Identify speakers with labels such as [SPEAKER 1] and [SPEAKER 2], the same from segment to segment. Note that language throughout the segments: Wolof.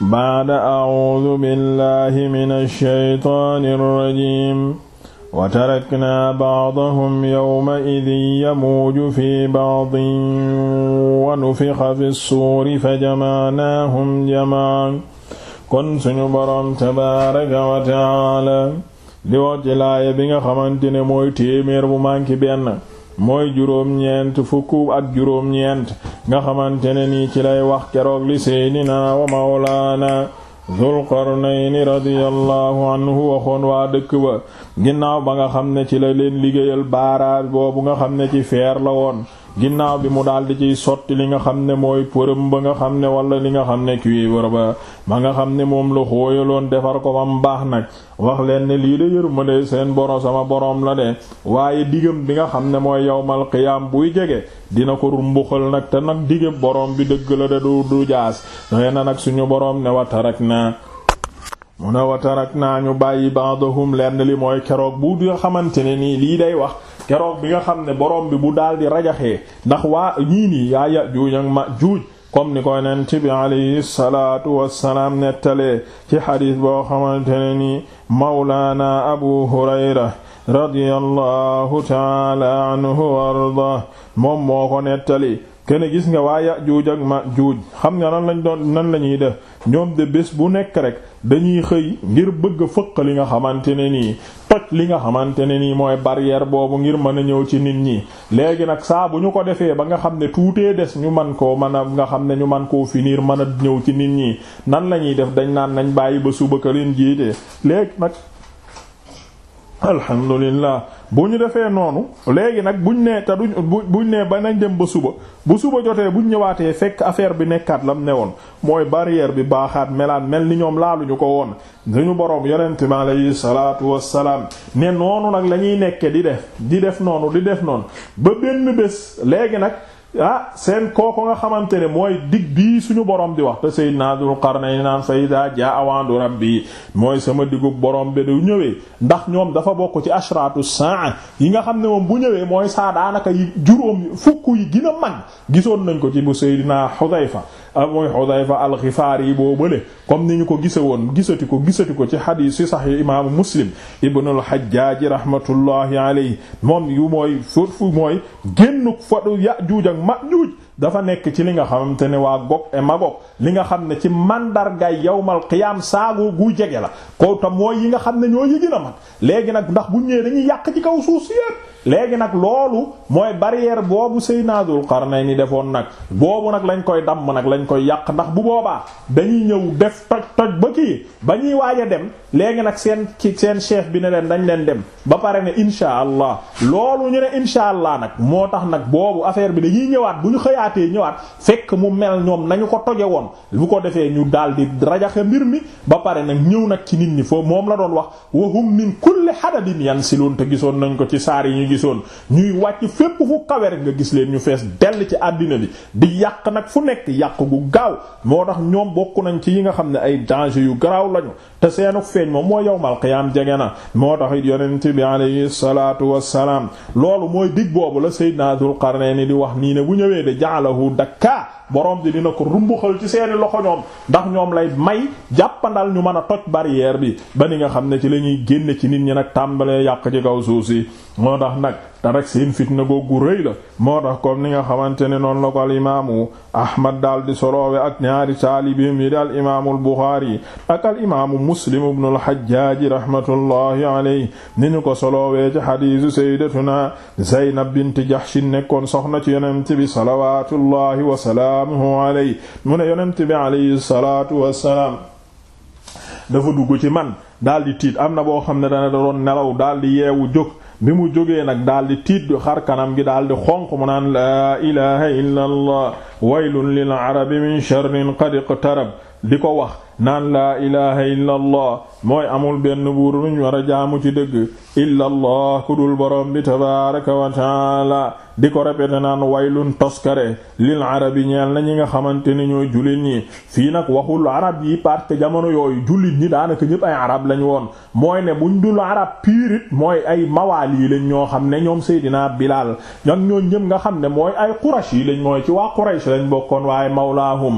[SPEAKER 1] baada acuudu billahi min alshaytaani alrajim wa taraknaa bacdahum yowmaidin yamuuju fi bacdin wa nufixa fi ssuuri fa jamaanaahum jamaan kon suñu boroom tabaaraka wa tacaala di wax ci laaya bi nga xamante ne mooy téeméer bu manki benn mooy juróom-ñeent fukk ak juróom-ñeent nga xamante ne nii ci lay wax keroog li seydinaa wa mawlaana Zul Qarnayni radiyallahu anhu waxoon waa dëkk wa ginnaaw ba nga xam ne ci la leen liggéeyal baaraar boobu nga xam ne ci feer la woon ginnaaw bi mu daal di ciy sotti li nga xam ne mooy përëm ba nga xam ne walla li nga xam ne cuivre ba ma nga xam ne moom la xooyaloon defar ko bam baax nag wax leen ne lii de yërmande seen borom sama boroom la de waaye digam bi nga xam ne mooy yawmal qiyaam buy jege dina ko rumbuxal nag te nag digam boroom bi dëgg la de du du jaas doy na nag suñu boroom ne wat rek na mu ne watarak naa ñu bàyyi ba'dahum lenn li mooy keroog bu nga xamante ne nii lii day wax keroog bi nga xam ne borom bi bu daal di rajaxee ndax waa ñii nii ya juuj ma juuj comme ni koy neen ci bi alayhi salaatu wassalaam nettalee ci xadiis boo xamante ne nii mawlaana abu hurayra radiyallahu taala anhu wa arda moom ko nettali kene gis nga waaye Yajuuj ak Majuuj xam nga nan lañ doon nan la ñuy def ñoom de bés bu nekk rek dañuy xëy ngir bëgg fëq li nga xamante ne nii toj li nga xamante ne nii mooy barrière boobu ngir mën a ñëw ci nit ñi léegi nag saa bu ñu ko defee ba nga xam ne tuutee des ñu man koo mën a nga xam ne ñu man koo finir mën a ñëw ci nit ñi nan la ñuy def dañ naan nañ bàyyi ba suba ka leen jiite léegi nag alhamdulillah bu ñu defee noonu léegi nag buñ nee te duñ buñ nee ba nañ dem ba suba bu suba jotee buñ ñëwaatee fekk affaire bi nekkaat lam ne woon mooy barrière bi baaxaat melaat mel ni ñoom laaluñu ko woon suñu boroom yonente mi alayhi salaatu wassalaam ne noonu nag la ñuy nekke di def di def noonu di def noonu ba benn bés léegi nag ah seen kooku nga xamante ne mooy dig bii suñu borom di wax te Seydina Dul Qarnayn naan fa idaa jaa awandu rabbi mooy sama digub borom bi du ñëwee ndax ñoom dafa bokk ci ashratu saa yi nga xam ne moom bu ñëwee mooy saa daanaka yi juróom fukk yi gën a gisoon nañ ko ci bu Seydina Xudayfa ah, mooy Xudayfa al-Xifaari yi boo bële comme ni ñu ko gise woon gisati ko gisati ko ci xadiis yi Sahih imaamu Muslim ibnul Hajjaaj rahmatullahi alayhi moom yu mooy foofu mooy génn fa Yaajuuj Ma'juuj dafa nekk ci li nga xamante ni waa Gog et Magog li nga xam ne ci mandargaay yawmal qiyaam saago gu jege la ko tam mooy yi nga xam ne ñoo yëgina mag léegi nag ndax bu ñëwee dañuy yàq ci kaw suuf si yépp léegi nag loolu mooy barrière boobu Seydina Dul Qarnayni defoon nag boobu nag lañ koy damm nag lañ koy yàq ndax bu boobaa dañuy ñëw def toj toj ba kii ba ñuy waaj a dem léegi nag seen ci seen chef bi ne leen dañ leen dem ba pare ne insha allah loolu ñu ne insha allah nag moo tax nag boobu affaire bi dañuy ñëwaat bu ñu xëyaatee ñëwaat fekk mu mel ñoom nañu ko toje woon bu ko defee ñu daldi rajaxe mbir mi ba pare nag ñëw nag ci nit ñi foofu moom la doon wax wahum min kulli si loon te gisoon nañ ko ci saar yi ñu gisoon ñuy wàcc fépp fu kawe rek nga gis leen ñu fees dell ci àddina bi di yàq nag fu nekk yàq gu gaaw moo tax ñoom bokk nañ ci yi nga xam ne ay danger yu garaaw lañu te seenuk feeñ moom mooy yawmal qiyaam jege na moo tax it yonent bi alayhi salaatu wassalaam loolu mooy dig boobu la Seydina Dul ni di wax nii ne bu ñëwee de ja'alahu dakka borom bi dina ko rumbuxal ci seeni loxo ñoom ndax ñoom lay may jàppandal ñu mën a toj barrière bi ba ni nga xam ne ci la ñuy génne ci nit ñi nag tàmbalee yàq ci kaw suuf si moo tax nag te rek seen fitna googu rëy moo tax comme ni nga xamante ne noonu la ko al imaamu ahmad daal di soloowe ak ñaari taalibiim yi di al imaamu al buxaari ak al imaamu muslim ibnu hajjaaji rahmatullahi alayhi ni ko soloowee ci xadiisu sayyidatuna zaynab bint jahshin nekkoon soxna ci yonent bi salawatullahi wa salaamuhu alayhi mu ne yonent salaatu wassalaam dafa dugg ci man daal tiit am na boo xam ne dana da doon nelaw daal di yeewu jóg bi mu jógee nag daal di tiit du xar kanam gi daal di xonq mu naan laa ilaha illa allah waylun lil arabi min sharrin qad iqtarab di ko wax naan laa ilaha illa allah mooy amul benn buur ñu war a jaamu ci dëgg illa allah ku dul borom bi tabaraka wa taala di ko répété naan waylun toskare lil arabi ñeel na ñi nga xamante ne ñooy jullit ñi fii nag waxul arab yi parce que jamono yooyu jullit ñi daanaka ñëpp ay arab lañu woon mooy ne buñ dul arab piirit mooy ay mawaali lañ ñoo xam ne ñoom Seydina Bilal ñak ñoo ñëpp nga xam ne mooy ay Quraysh yi lañ mooy ci waa Quraysh lañ bokkoon waaye mawlaahum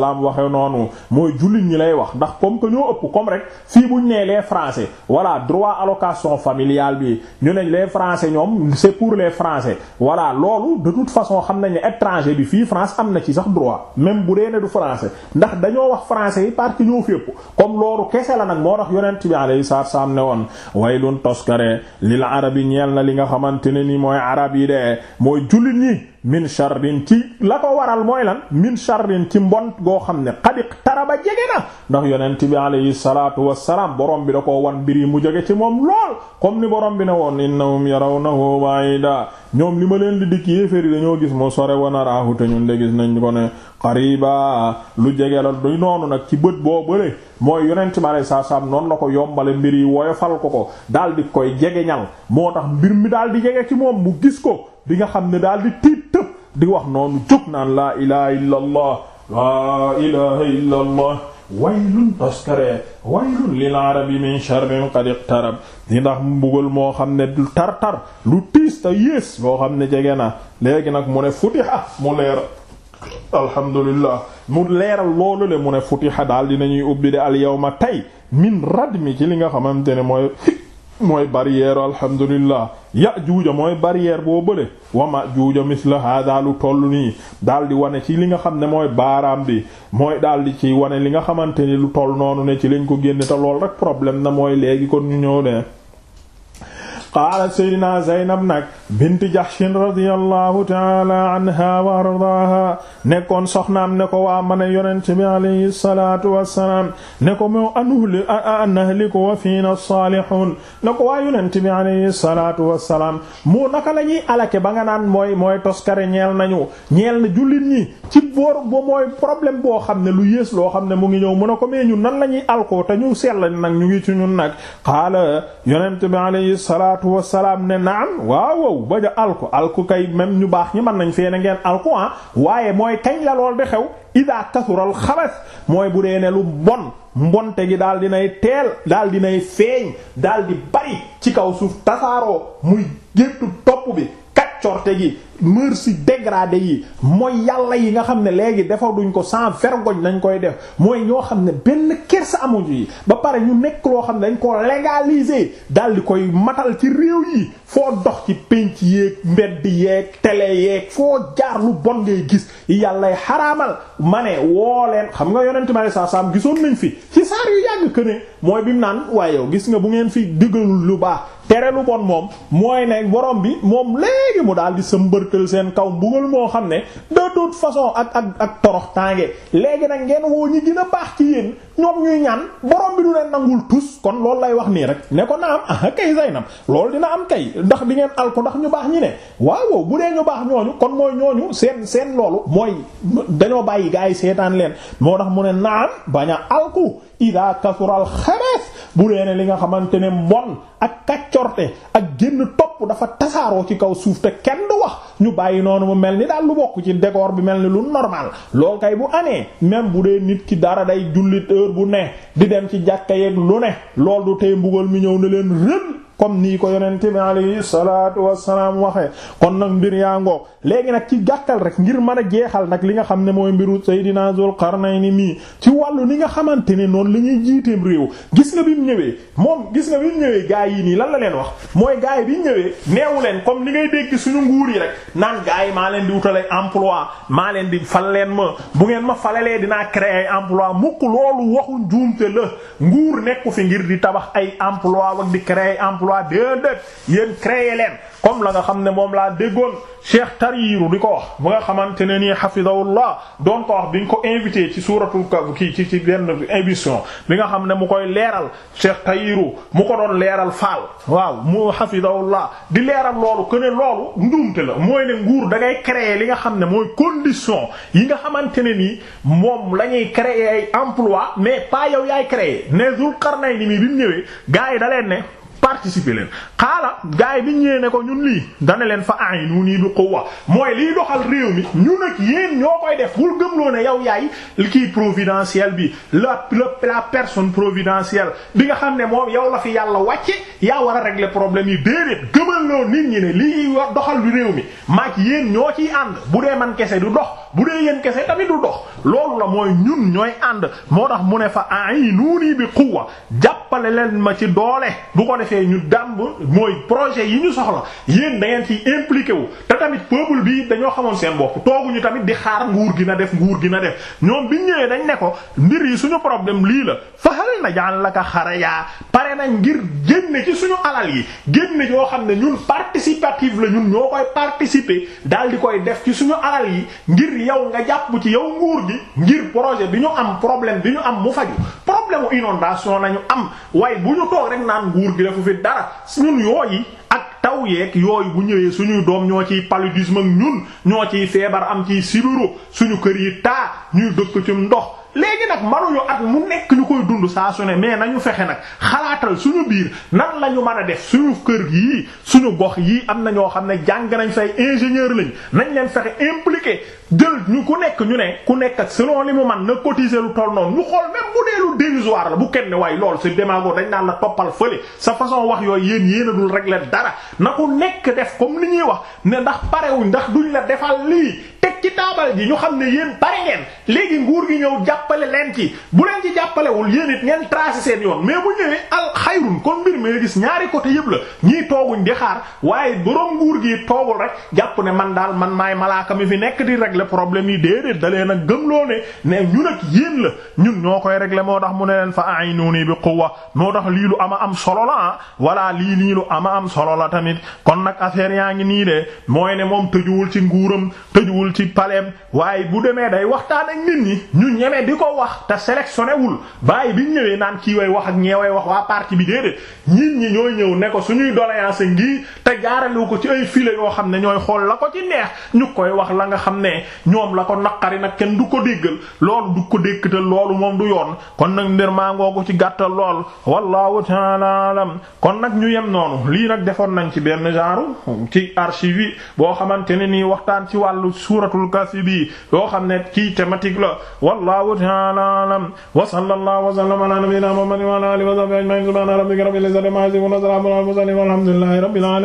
[SPEAKER 1] salaam waxee noonu mooy jullit ñi lay wax ndax comme que ñoo ëpp comme rek fii bu ñu nee les français voilà droit allocation familiale bi ñu ne les français ñoom c'est pour les français voilà loolu de toute façon xam nañ ne étranger bi fii France am na ci sax droit même bu dee ne du français ndax dañoo wax français yi parce que ñoo fépp comme loolu kese la nag moo tax yonent bi alayhi salaam ne woon waylun toskare lil arabi ñeel na li nga xamante ne ni mooy arab yi de min sharrin ci la ko waral mooy lan min sharrin ci mbont goo xam ne xadiq taraba jege na ndax yonent bi alayhi salaatu wassalaam borom bi da ko wan mbir yi mu jege ci moom lool comme ni borom bi ne woon innahum yarawnahu ba'ida ñoom li ma leen di dikk yéeféri dañoo gis mu sore wanaraahu te ñun de gis nañ ko ne qariba lu jege la du noonu nag ci bët boo bële mooy yonent mi aleyhi salaatu noonu la ko yombale mbir yi woyofal ko ko daal di koy jege ñal moo tax mbir mi daal di jege ci moom mu gis ko bi nga xam ne daal di tiit tëb di wax noonu jóg naan laa ilaha illa allah laa ilaha illa allah waylun toskare waylun lil min sharrin qad iqtarab di ndax mbugal moo xam ne du tar tar lu tiis te yées loo xam ne jege na léegi nag mu ne futiha mu leer alhamdulillah mu leeral loolu le mu ne futiha daal dinañuy ubbi de al yawma tey min radmi ci li nga xamante ne mooy mooy barrière alhamdulillah juuja mooy barrière boo bële wa majuuja misla hada lu toll nii daal di wane ci li nga xam ne mooy baaraam bi mooy daal di ci wane li nga xamante ni lu toll noonu ne ci lañ ko génne te lool rek problème na mooy léegi kon ñu ñëw ne qaalat sayyidina Zaynab nag bint Jahshin radiyallahu taala anha wa ardaaha nekkoon soxnaam ne ko waa mën a yonent bi alayhi salaatu wassalaam ne ko moo anuhli anahliku wa fiina saalihun ne ko waa yonent bi alayhi salaatu moo naka la ñuy alake ba nga naan mooy mooy toskare ñeel nañu ñeel na jullit ñi ci boor mooy problème boo xam ne lu yées loo xam ne mu ngi ñëw mën a ko mee ñun nan la ñuy alkoo te ñu sell nag ñu ngi ci ñun nag qaala yonent bi salaatu wassalaam ne naan waawow ba ja alku alku kay même ñu baax ñi man nañ fee ne ngeen alku ah. waaye mooy kañ la lool di xew ida kasural xabas mooy bu dee ne lu bon mbonte gi daal dinay teel daal dinay feeñ daal di bari ci kaw suuf tasaaroo muy géttu topp bi kaccorte gi mœurs yi dégradé yi mooy yàlla yi nga xam ne léegi defa duñ ko sans vergogne nañ koy def mooy ñoo xam ne benn kersa amuñu yi ba pare ñu nekk loo xam ne dañ ko légaliser daal di koy matal ci réew yi foo dox ci pénc yeeg mbedd yeeg télé yeeg foo jaar lu bon ngay gis yi yàllay xaraamal ma ne woo leen xam nga yonente ma saa saam gisoon nañ fi ci saar yu yàgg que mooy bi mu naan waaye yow gis nga bu ngeen fi digalul lu baax tere lu bon moom mooy ne borom bi moom léegi daal di sa mbër rëkkal seen kaw mbugal moo xam ne de toute façon ak ak ak torox tànge léegi nag ngeen woo ñi gën a baax ci yéen ñoom ñuy ñaan borom bi du leen nangul tus kon loolu lay wax nii rek ne ko na am ah kay Zaynab loolu dina am kay ndax di ngeen al ko ndax ñu baax ñi ne waaw bu dee ñu baax ñooñu kon mooy ñooñu seen seen loolu mooy dañoo bàyyi gaa yi seetaan leen moo tax mu ne naam bañ a alku ida kasural xabees bu dee ne li nga xamante ne mbon ak kaccorte ak génn topp dafa tasaaroo ci kaw suuf te kenn du wax ñu bàyyi noonu mu mel ni daal lu bokk ci décor bi mel ni lu normal bu ne di dem ci jàkka yeeg lu ne lool du tey mbugal mi ñëw na leen rël comme nii ko yonente bi alayhi salaatu wassalaam waxee kon nag mbir yaa ngoog léegi nag ci gàttal rek ngir man a jeexal nag li nga xam ne mooy mbiru Seydina Zul Qarnayni mii ci wàllu ni nga xamante ne noonu li ñuy jiiteem réew gis nga bi mu ñëwee moom gis nga bi ñëwee gaa yi nii lan la leen wax mooy gaa yi bi ñu ñëwee neewu leen comme ni ngay dégg suñu nguur yi rek naan gaa yi maa leen di wutale emploi maa leen di fal leen ma bu ngeen ma falalee dinaa créer emploi mukk loolu waxu njuumte la nguur nekku fi ngir di tabax ay emploi wak di créer waa droit déedéet yéen créer leen comme la nga xam ne moom laa déggoon cheikh tariiru di ko wax bu nga xamante ne nii hafidahullah doon ko wax bi ñu ko invité ci suuratul kii ci ci benn émission bi nga xam ne mu koy leeral cheikh tariiru mu ko doon leeral faal waaw mu hafidahullah di leeral loolu que ne loolu mooy nguur da ngay créer li nga xam ne mooy condition yi nga xamante ne nii moom la ñuy créer ay mais pas yow yaay créer ne Dul Qarnayni mi bi mu ñëwee gaa yi da leen ne participer leen xaala gars yi bi ñëwee ko ñun lii dana leen fa aynu nii bi quwwa mooy liy doxal réew mi ñu nag yéen ñoo koy def bul gëmloo ne yow yaay kii providentiel bi la la personne providentielle bi nga xam ne moom yow la fi yàlla wàcce yaa war a régler problème yi déedéet gëmal loo nit ñi ne lii doxal réew mi maag yéen ñoo ciy ànd bu dee man kese du dox bu dee yéen kese tamit du dox loolu la mooy ñun ñooy ànd moo tax mu ne fa a'inuuni bi quwwa jàppale leen ma ci doole bu ko defee ñu dàmb mooy projet yi ñu soxla yéen da ngeen ci impliqué wu te tamit peuple bii dañoo xamoon seen bopp tooguñu tamit di xaar nguur gi na def nguur gi na def ñoom biñ ñëwee nañ ne ko mbir yi suñu problème lii la fa hal naj'al laka xaraja pare nañ ngir génne ci suñu alal yi génne yoo xam ne ñun participative la ñun ñoo koy participer daal di koy def ci suñu alal yi ngir yow nga jàpp ci yow nguur gi ngir projet bi ñu am problème bi ñu am mu faj problème u inondation nañu am waaye bu ñu toog rek naan nguur gi dafa fi dara ñun yi ak taw yeeg yooyu bu ñëwee suñuy doom ñoo ciy paludisme ak ñun ñoo ciy feebar am ciy sibiru suñu kër yi taa ñuy dëkk ci ndox léegi nag manuñu at mu nekk ñu koy dund saa su ne mais nañu fexe nag xalaatal suñu biir nan la ñu mën a def suñu kër yii suñu gox yii am na ñoo xam ne jàng nañ say ingénieur lañ nañ leen fexe impliqué jël ñu ku nekk ñu ne ku nekk ak selon li mu man na cotiser lu toll noonu ñu xool même bu dee lu dérisoire la bu kenn waaye lool si démago dañ naan la toppal fële sa façon wax yooyu yéen yéen a dul régler dara na ku nekk def comme ni ñuy wax ne ndax parewuñ ndax duñ la defal lii teg ci ji ñu xam ne yéen pare ngeen léegi nguur gi ñëw jàppale leen ci bu leen ci jàppalewul yéen it ngeen tracé seen yoon mais bu ñëwee al xayrun kon mbir mi gis ñaari côté yëpp la ñii tooguñ di xaar waaye borom nguur gi toogul rek jàpp ne man daal man maay malaaka mi fi nekk di régler problème yi déedéet dalee nag gëmloo ne ne ñun ak yéen la ñun ñoo koy régler moo tax mu ne leen fa a'inuni bi quwwa moo tax lii lu ama am solo la ah voilà lii nii lu ama am solo la tamit kon nag affaire yaa paleem waaye bu demee day waxtaan ak nit ñi ñu ñeme di ko wax te sélectionné wul bàyyi biñ ñëwee naan kii way wax ak ñeeway wax waa parti bi déedéet nit ñi ñooy ñëw ne ko suñuy doléance ngi te jaarale ko ci ay file yoo xam ne ñooy xool la ko ci neex ñu koy wax la nga xam ne ñoom la ko naqari nag kenn du ko déggal loolu du ko déggtal loolu moom du yoon kon nag mbir maa ko ci gàttal lool wallahu ta'ala alam kon nag ñu yem noonu lii nag defoon nañ ci umratul kasibi yoo xam ne kii thématique la wallahu ta'ala alam wa sallallahu wa sallama ala nabiyyina muhammadin wa ala alihi wa sahbihi ajma'in subhana rabbika rabbil izzati amma yasifun wa salamun ala al mursalin walhamdulillahi rabbil alamin